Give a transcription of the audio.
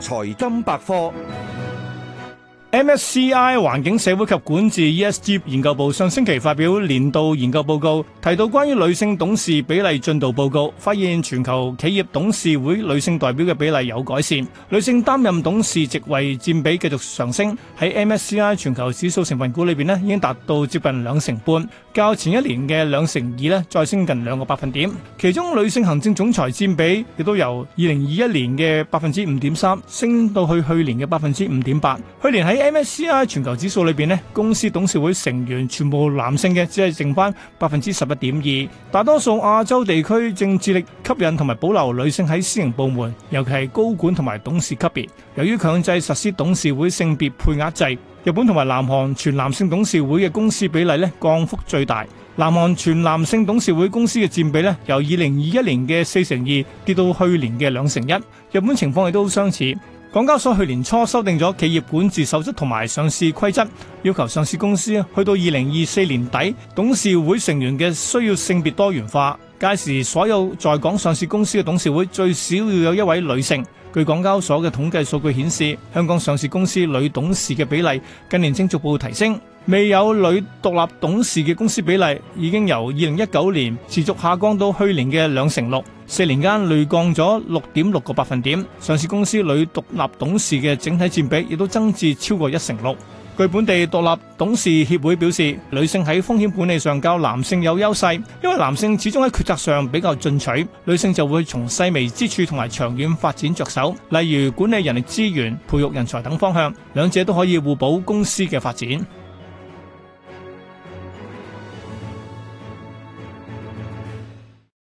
財金百科。MSCI 環境社會及管治 ESG 研究部上星期發表年度研究報告，提到關於女性董事比例進度報告，發現全球企業董事會女性代表的比例有改善。女性擔任董事席位佔比繼續上升，在 MSCI 全球指數成分股裏面已經達到接近兩成半，較前一年嘅兩成二呢，再升近兩個百分點。其中女性行政總裁佔比亦都由2021年的5.3%升到去去年的5.8%，去年在 MSCI 全球指數裏邊咧，公司董事會成員全部男性嘅，只係剩返百分之十一點二。大多數亞洲地區正致力吸引同埋保留女性喺私營部門，尤其係高管同埋董事級別。由於強制實施董事會性別配額制，日本同埋南韓全男性董事會嘅公司比例咧，降幅最大。南韓全男性董事會公司嘅佔比咧，由二零二一年嘅四成二跌到去年嘅兩成一。日本情況亦都相似。港交所去年初修訂咗企業管治守則同埋上市規則，要求上市公司去到二零二四年底，董事會成員嘅需要性別多元化，屆時所有在港上市公司嘅董事會最少要有一位女性。據港交所嘅統計數據顯示，香港上市公司女董事嘅比例近年正逐步提升，未有女獨立董事嘅公司比例已經由二零一九年持續下降到去年嘅兩成六，四年間累降咗六點六個百分點。上市公司女獨立董事嘅整體佔比亦都增至超過一成六。據本地獨立董事協會表示，女性喺風險管理上較男性有優勢，因為男性始終喺決策上比較進取，女性就會從細微之處同埋長遠發展着手，例如管理人力資源、培育人才等方向，兩者都可以互補公司嘅發展。